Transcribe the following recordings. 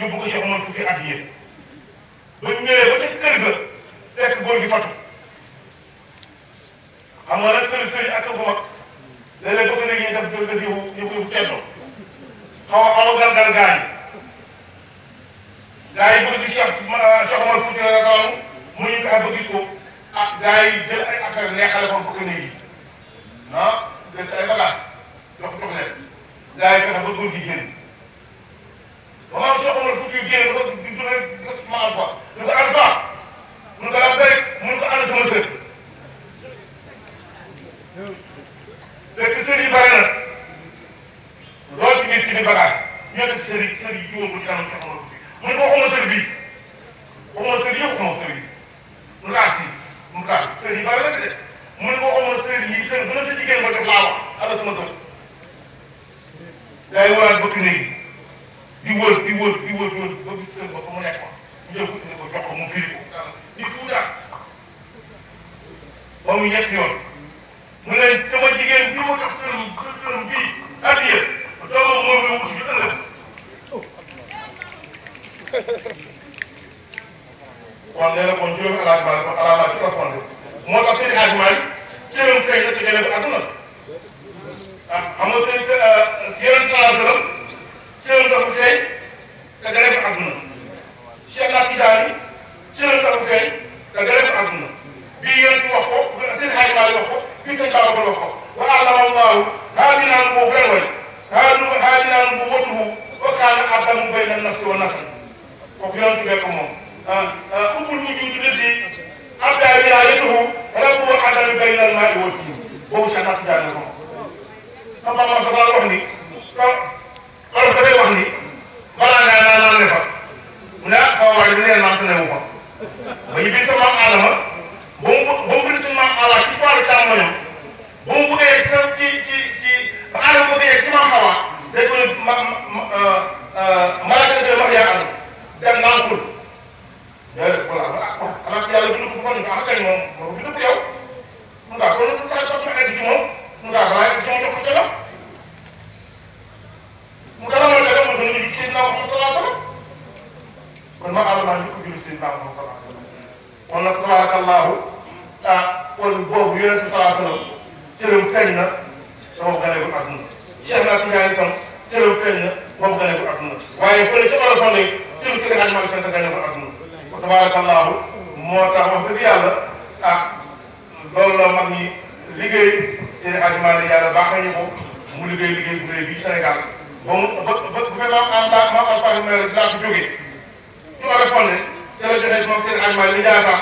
yóbbu ko Cheikh Omar fukki at yéen ba ñëwee ba ca kër ga fekk góor gi fatu xam nga kër sëriñ ak kër bu mag léeg-léeg dafa nekk ñuy def def def yëfu yëfu yëfu teddoo xaw a xaw a galgal gaa yi gaa yi bëgg Cheikh Cheikh Omar fukki la taw mu ñu fexe ba gis ko ah gaa yi jël ay affaire neexale ko fukki néeg yi ah jël ci ay bagages jox jox leen gaa yi fexe ba góor gi génn maam Cheikh Omar Foutiyou Dieng dafa dafa ma alfa ñu ko alfa ñu ko la béy mu ko ànd sama sër fekk sër yi bare na lool ci biir ci biir bagage ñoo def sër yi sër yi jiwoon ba ci kanam Cheikh Omar Foutiyou mu ne ko waxuma sër bii kon nee na kon juróomi alaaj Maalik kon alaaj Maalik ci la fondé moo tax seen alaaj Maalik cëram feeñ na ci gën a adduna ah xam nga seen seen euh, yeneen salaasalaam cëram dafa feeñ te gën a adduna Cheikh Ahmad Tijaani cëram dafa feeñ te gën a adduna bii yéen wax ko seen alaaj Maalik wax ko bii seen baax wax ko wa allama Allaahu haadinaa nubuwwata benn way haadinaa nubuwwatahu wa kaana Adamu bayna nafsi wa nafsi kooku yoon tuddee ko moom. حب الوجود الذي أبدى رعايته رب العدل بين الماء والطين boobu Cheikh Ahmad Tidiane la ko xam nga moom dafa wax ni loolu dafay wax ni balaa ngaa naan naan ne fa mu ne ah xaw ma waaye dina ne naan ne mu fa ba ñu bind sa maam Adama nga ko nga ko nga egg ci moom nga ko waaye ci moom def ko ca la mu gën a mën a jëlee mu gën a jël Seydina Muhammad sallallahu alayhi wa sallam kon ma àll maa ngi ko jël Seydina Muhammad sallallahu alayhi wa sallam kon nag tabarakallahu ah kon boobu yonent bi sallallahu alayhi wa sallam cëram feeñ na te boobu ganeegul àdduna Cheikh naa Tidiane itam cëram feeñ na boobu ganeegul àdduna waaye fële ca wàllu sonde cëru Seydi Hadji Malick Sy ganeegul àdduna tabarakallahu moo tax wax dëgg yàlla ah. loolu la mag ñi liggéey seen ajumaan yàlla baax nañu ko mu liggéey liggéey bu rëy bi Sénégal ba mu ba ba bu fekkee maam am daa maam Alfayda Mbaye la dinaa ko jógee su ma defoon ne te la joxee moom seen li daa sax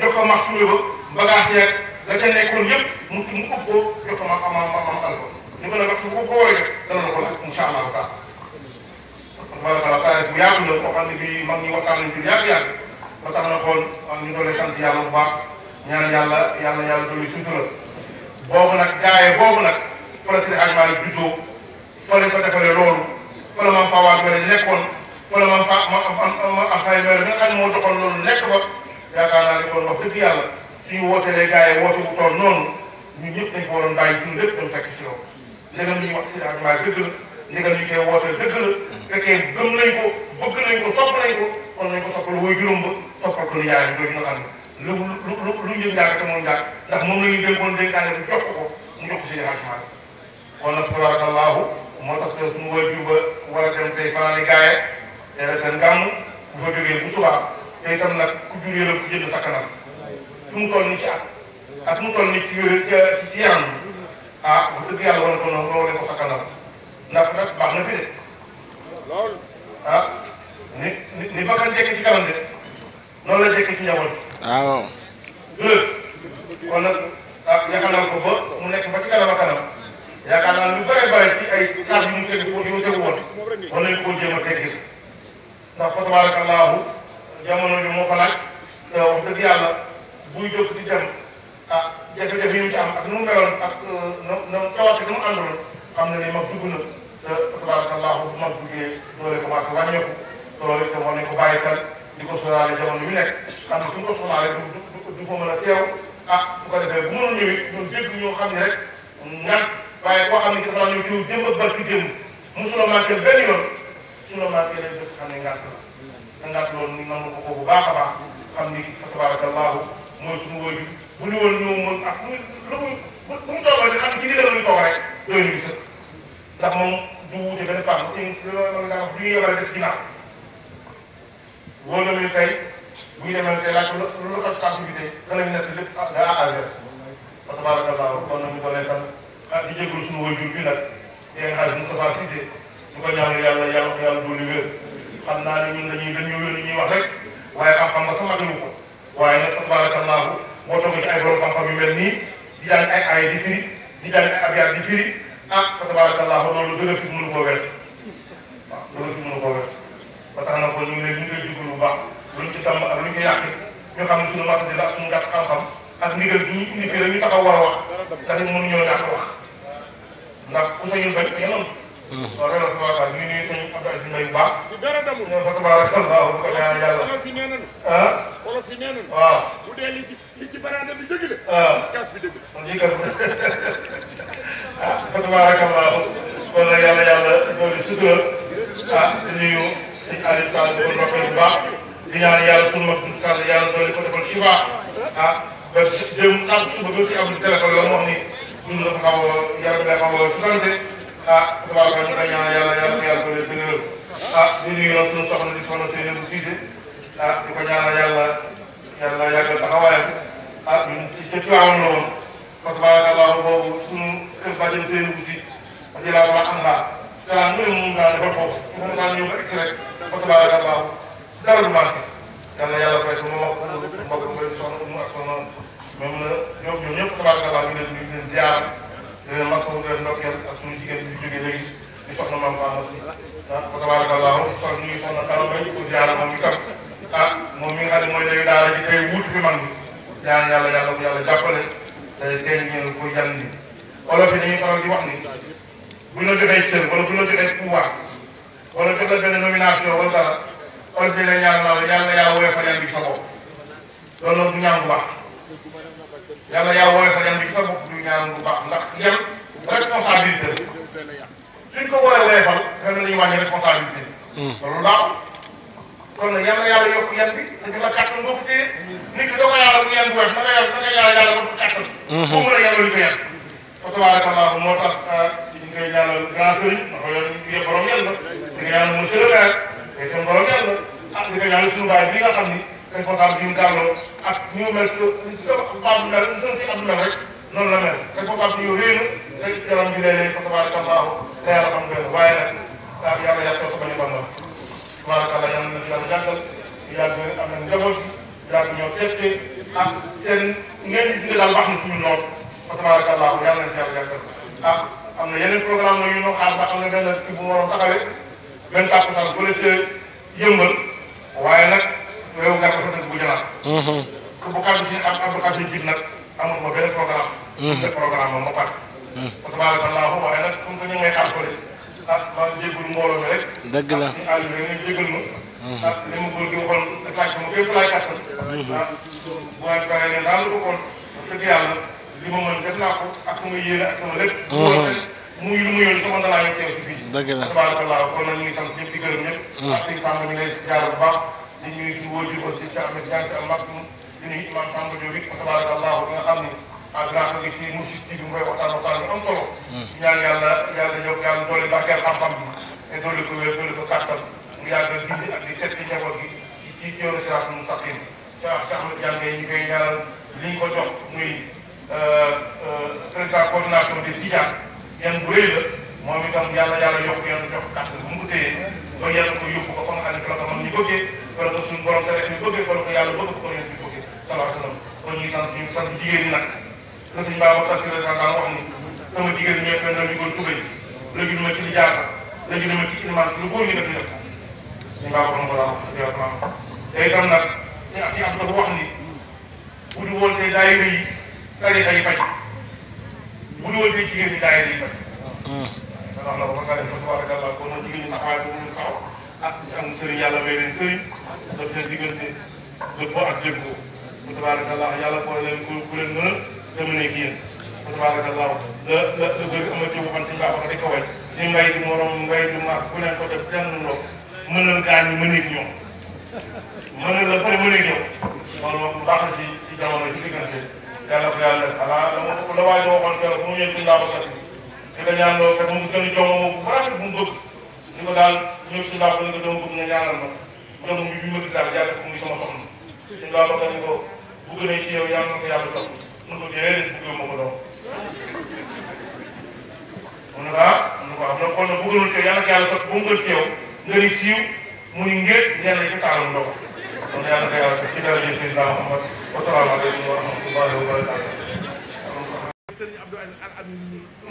jox ko max tuuti ba bagage yeeg la ca nekkoon yëpp mu mu ëpp ko jox ko max am am am alfa ñu mën a wax ko war a def dana la ko laaj incha allah taala wala wala taarix bu yaatu la boo xam ne bii mag ñi waxtaan nañ ci yàgg-yàgg ba tax na xool ñu doon sant yàlla bu baax. ñaan yàlla yàlla yàlla dolli sutura boobu nag gaaye boobu nag fa la Seydi Hadji Malick juddoo fa lañ ko defalee loolu fa la maam Fawa Mbele nekkoon fa la maam Fa ma am ma am Faye Mbele bi nga loolu nekk ba yaakaar naa ne kon wax dëgg yàlla suñu wootelee gaaye woote bu toll noonu ñun ñëpp dañ ko waroon bàyyi tuuti lépp dem wax Seydi Hadji Malick dëgg la ko bëgg nañ ko sopp nañ ko kon nañ ko soppal woy juróom ba soppal ko lu yaay ñu doon ñu nga xam lu lu lu lu njëm jàll moom jàll ndax moom la ñu dénkoon dénkaane bi jox ko mu jox ko suñu xaalisman kon nag tabaarakallaahu moo tax te suñu waajur ba war a dem tey fanaani gaaye te la seen gàmm bu fa jógee bu subaa te itam nag ku jur yërëm ku jënd sakkanal fu mu toll ci at ak fu mu toll ci wér ci yaram ah bu dëgg yàlla war na ko noonu loolu lañ ko sakkanal nag baax na fi de ah ni ni bakkan jekk ci kanam de noonu ci njaboot waaw. kon nag ah yaxanal ko ba mu nekk ba ci kanam a kanam yaakaar naa lu bëree bëri ci ay saaf yu mu tegu woon yu mu tegu woon war nañu koo jéem a teggil ndax fa tabaarakallaahu jamono bi moo ko wax dëgg yàlla ah, mu meloon ak euh, xam na ni mag dugg na te fa mag duggee doole commencé wàññeeku loolu itam war nañu ko bàyyi xel. di ko sóoraale jamono yu nekk xam ne suñ ko sóoraale du du ko mën a teew ah bu ko defee bu mënoon ñëw it ñun dégg ñoo xam ne rek ngan waaye koo xam ne dafa ñëw jiw démb ak barki démb mosuloo manqué benn yoon mosuloo manqué rek def xam ne ngànt la te ngànt loolu ñu nangu ko ko bu baax a baax xam ni fa tabarakallahu mooy suñu wóoy bu ñu woon ñëw mën ak muy lu muy bu ñu toogal di xam ne ci ndigal lañu toog rek doy ñu bi sëkk ndax moom du wuute benn pax si loolu la nga wax du ñu yebal des ginnaaw wóor na leen tey bu ñu demee tey laaj lu lu ëpp activité danañ nekk lépp ah, de A à Z ba tabarakallah kon nag ko lay sant ah di jégalu suñu waajur bi nag di nga xam Moustapha Cissé ñu ko ñaanal yàlla yàlla ko wér xam naa ne ñun dañuy gën ñu ñuy wax rek waaye xam-xam ba sama gënu ko waaye nag tabarakallah moo toog ci ay borom xam-xam yu mel nii di jàng ay ay di firi di jàng ay abyaat di firi ah tabarakallah a fi ba tax na kon ñu ngi leen ñu ngi leen bu baax luñ ci tàmm ak luñ ci yàq ñu xam ne suñu matadi la suñu gàtt xam-xam ak ndigal bi ñu indi fii rek ñu taxaw war a wax ndax it mënuñoo ñàkk wax ndax ku sañul bañ ak yeneen loolu la ñu ñu fa ko ñaan ah waaw bu dee li ci li ci baraada bi dëgg la kaas bi dëgg la ah fa sutura ah sëñ Aliou Sall di ko ndokkee bu baax di ñaan yàlla sunu mag sunu Sall yàlla doole ko defal Chiba ah ba démb tànk suba ba si amul téléphone la mu wax ni ñun dafa xaw a yaram day xaw a sukante ah waaw kan nga ñaan yàlla yàlla ko yàlla doole dëgëral ah di nuyu nag sunu soxna di soxna Seynabou Cissé ah di ko ñaanal yàlla yàlla yàggal taxawaayam ah ñun ci ca Tiwaawan la woon parce que boobu sunu kër bàjjen Seynabou si jëlaa ko am naa gaa mu ne moom gaa dafa toog moom gaa ñëw ba egsi rek fa tabaarakallaahu dara du manqué yàlla yàlla fay ko mu mbokk mbokk mbay soxna mu ak soxna même na ñoom ñoom ñëpp tabaarakallaahu ñu leen ñu leen ziar di leen masawu di leen ndokkeel ak suñu jigéen ñi jógee léegi di soxna maam Faama si ah fa tabaarakallaahu soxna ñu ngi soxna Kano Mbaye ko ziar moom ñu kat ah moom mi nga xam ne mooy léegi daara ji tey wut fi man bi ñaan yàlla yàlla bu yàlla jàppale tey tey ñu ko jànni olof yi dañuy faral di wax ni bu ñu la joxee cër wala bu ñu la joxee pouvoir wala jox la benn nomination wala dara xool bi la ñaan naa la yàlla yaa woyofal yan bi sa bopp loolu la du ñaan bu baax yàlla yaa woyofal yan bi sa bopp du ñaan bu baax ndax yan responsabilité la suñ ko war a woyofal gën nañu wàññi responsabilité loolu baaxul kon nag yàlla yàlla yokk yan bi te dina kàttan boo ko téye nit ki doo ko yàlla bu yan bu weex na nga yàlla na nga yàlla yàlla ba ko kàttan. pour mu la yàlla lu ko yan. wa tabaaraka allahu moo tax. Euh, ngi koy ñaanal grand sëriñ ndax yoon yëpp borom yàlla di nga ñaanal monsieur le maire te itam borom yàlla ah di nga ñaanal suñu baay bi nga xam ni responsable bi mu dàlloo ak ñu mel sa sa baab mel sa si ab mel rek noonu la mel responsable bi yow réy na te yaram bi léeg-léeg fa tabaraka allahu te yàlla xam nga waaye nag daa yàlla yàlla soo ko bañ a bon la tabaraka allah yàlla na yàlla jàngal yàlla am na njaboot yàlla ñëw teg ak seen ngeen di dundee daal baax na fi mu noonu fa tabaraka allahu yàlla na yàlla jàngal ah am na yeneen programme yu ñu xaar ba am na benn kii bu mu waroon taxawee benn tàkkusaan fële ca yëmbal waaye nag weewu gàtt fa tënk bu jëlaat. Mhm. ku bu kàddu si ak advocation jiit nag amatuma benn programme. Mhm. benn programme moom ma pare. parce que baal naa waaye nag comme que ñu ngi may xaar fële ah maa ngi jégalu mbooloo mi rek. dëgg la ah, si àll bi ngeen jégal ma. Mhm. ah li ma góor gi waxoon laaj sama képp laaj kattan. ah bu ma leen daal di ko kon wax dëgg yàlla. li ma mën def naa ko ak sama yéene ak sama lépp. muy lu mu yoon sama dalaa yoon teew ci fii. dëgg la tabaarakallah kon nag ñu ngi sant ñëpp di gërëm ñëpp. ak sëñ Samba ñu ngi lay jaar bu baax di ñuy suñu wóojur aussi ci Ahmed Diagne si almaktum di ñuy imam Samba Diop it tabaarakallah bi nga xam ni ak naa ko ci Mourchid bi mu koy waxtaan waxtaan ñu am solo. ñaan yàlla yàlla ñëw yàlla doole barkeel xam-xam bi te doole ko wér doole ko kàttan mu yàgg a julli ak di teg ci njaboot gi ci ci yoonu siraatul mustaqim Cheikh Ahmed Diagne ñu koy ñaanal li ñu ko jox muy président euh, euh, coordination des Tidjane yan bu rëy la moom itam yàlla yàlla yokk yan jox kàttan bu mu ko téye ba yàlla ko yóbbu ko fa nga xam ne fa la ko mën ñu bëggee fa la ko suñu borom tere ñu bëggee fa la ko yàlla bëgg fa ko yéen ñu bëggee salaahu salaam kon ñuy sant ñu sant jigéen ñi nag te suñu baaxul tas la daan wax ni sama jigéen ñi ñooy fenn ñu gën tubéy léegi dama ci di jaasa léegi dama ci ilmaan lu góor ñi def ñu def suñu baaxul xam nga daal wax dëgg yàlla te itam nag si si am na wax ni bu du woon tey daayira yi tarixa yi faj bu dul woon fii jigéen ñi daayira yi faj. Ah. wax la ko ba pare tabaarakallah kon nag jigéen ñi taxawaay bu mu taxaw ak ah, am sëriñ yàlla may leen sëriñ daf seen diggante dëpp ak jëm ko bu tabaarakallah yàlla boole leen ku ku leen mën a demee ak yéen bu tabaarakallah la la la bëri am na ci waxoon suñu baax di ko way di mbay di morom mbay di maak ku leen ko def kenn ndox mënal gaa ñi mëneeg ñoom mënal la pare mëneeg yow loolu moom lu baax la ci ci jamono ci diggante yàlla ko yàlla xanaa ah, la ma la waaj a waxoon keroog mu ñëw si laa bëgg a si di ko ñaan loolu te moom gën a jox moom bu rafet bu mu bëgg ni ko daal ñëw si laa bëgg ni ko dama bëgg nga ñaanal ma doom bi bi ma gis daal yàlla ko muy sama soxna si laa bëgg ni ko bëgg nañ ci yow yàlla na ko yàlla topp mun ko déedéet bëgg ma ko doom mu ne ah mu ne ko am ah, na kon nag bëgg na teew yàlla ko yàlla sotti ba mu gën teew nga ni siiw mu ni ngéet ñenn ci taalam ndox kon yàlla na yàlla def ci dara ji Seydina Muhammad wa salaamu aleykum wa rahmatullahi wa barakaatu.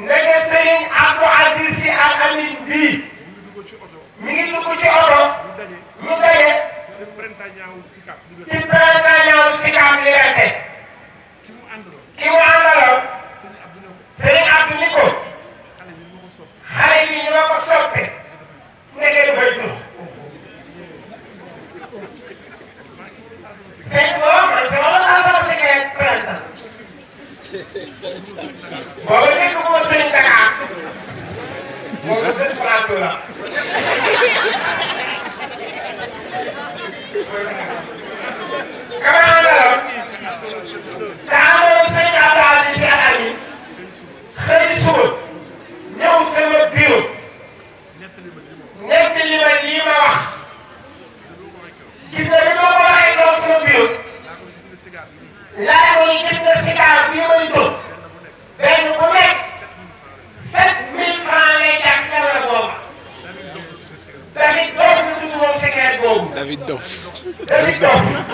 ndege Sëriñ Abdou Aziz Sy Al Amin bii. mi ngi dugg ci oto. ñu daje. ci Printemps Sicap Liberté. ki mu àndaloon. Sëriñ Abdou ni ko. xale bi ñu ma ko soppe. ndege dafay dux. Davidão. É, então. Davidão.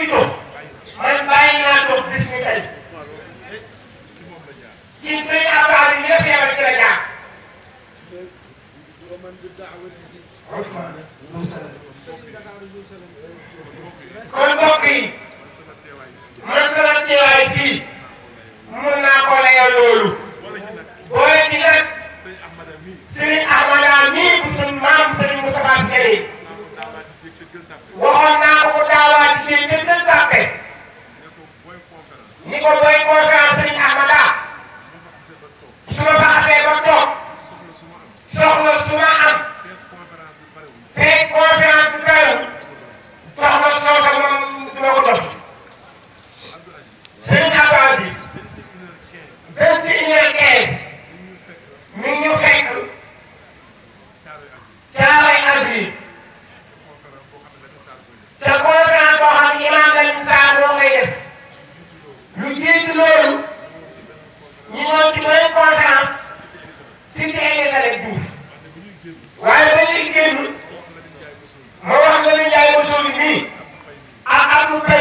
kuy dox man bàyyi naa dox bis ni tey ci sëñ Abdoulaye ñëpp yàlla ci la jaar. kon mbokk yi man sama teewaay fii mun naa ko layal loolu boole ci nag sëriñ Ahmada mii bu suñ maam sëriñ Moustapha Sy waxoon naa ko daawaati jéeg ñëpp dañ ko ni ko booy conférence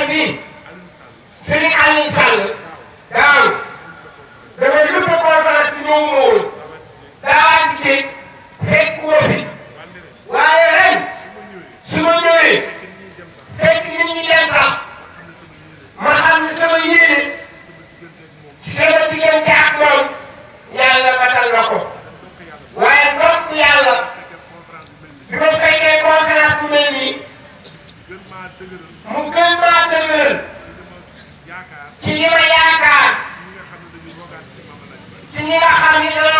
bii Serigne Aliou Sall daaw dama nëbba conférence bi ñëw ma woon daawaati jéeg fekk ko fi waaye ren su ma ñëwee fekk nit ñi dem sax ma xam ne sama yéene sama diggante ak moom yàlla matal na ko waaye ndokk yàlla bi conférence bu mel nii mu রাখার ভিতরে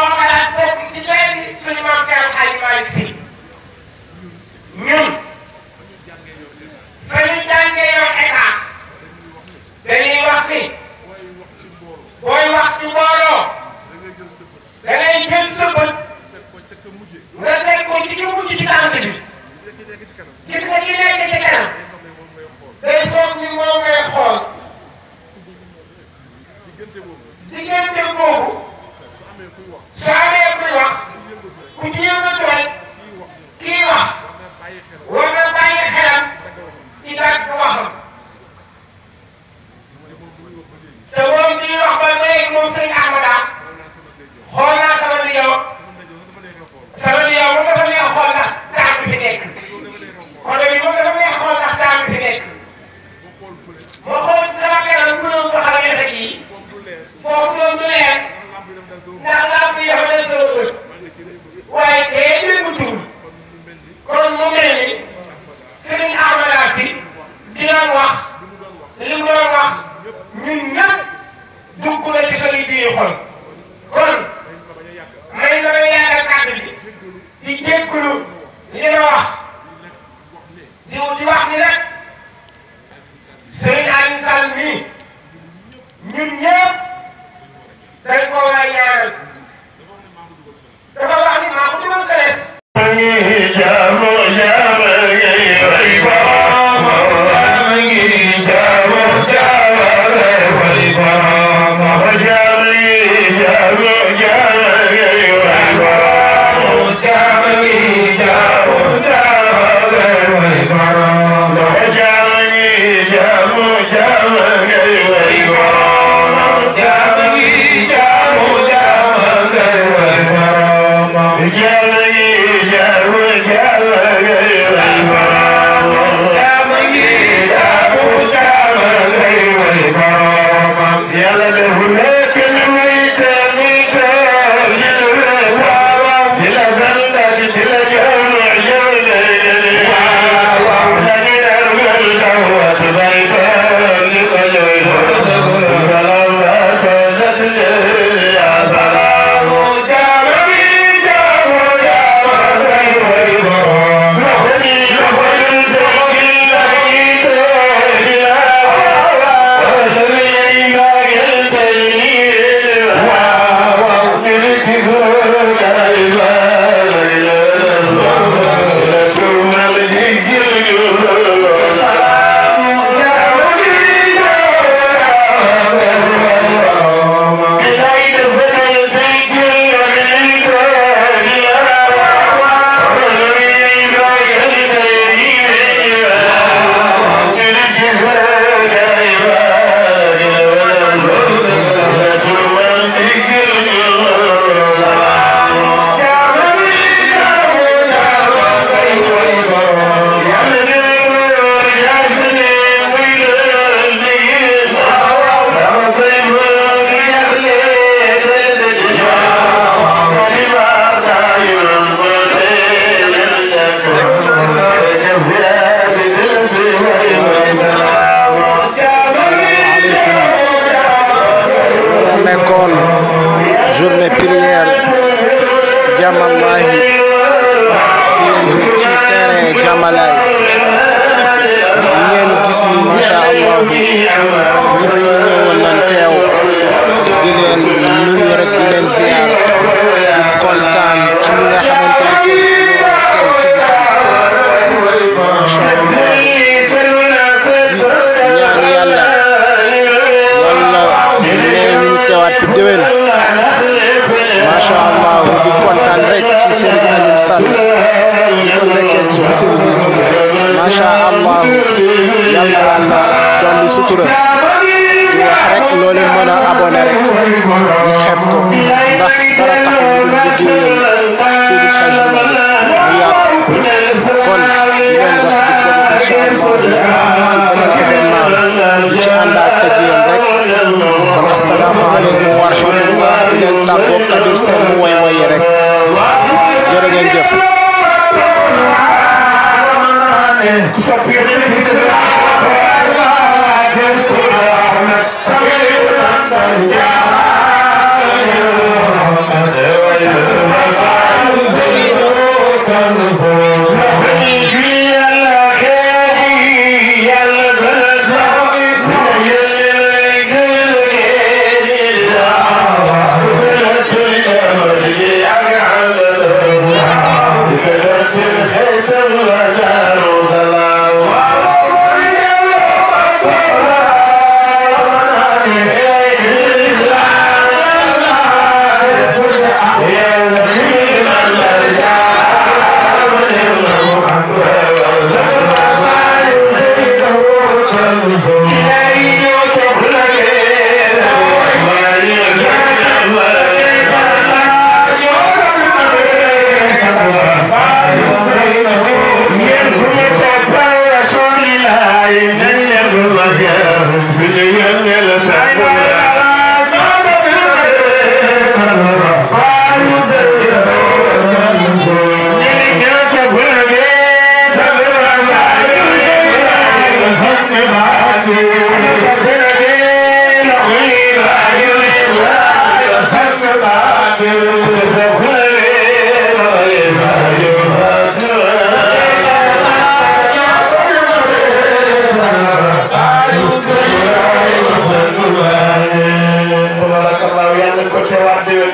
waxtaan bu nekkee ci bisim bi macha allah yal na yàlla dolli sutura di wax rek loo leen mën a abonné rek ñu xeeb ko.